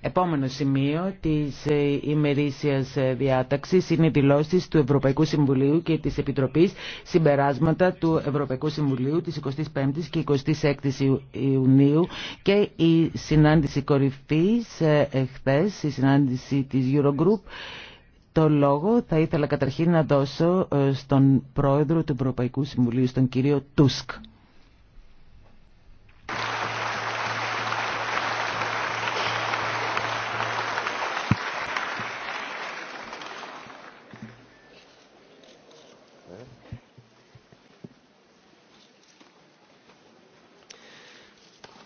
Επόμενο σημείο της ε, ημερήσιας ε, διάταξης είναι οι δηλώσεις του Ευρωπαϊκού Συμβουλίου και της Επιτροπής συμπεράσματα του Ευρωπαϊκού Συμβουλίου της 25ης και 26ης Ιουνίου και η συνάντηση κορυφής ε, εχθές, η συνάντηση της Eurogroup. Το λόγο θα ήθελα καταρχήν να δώσω στον πρόεδρο του Ευρωπαϊκού Συμβουλίου, στον κύριο Τούσκ.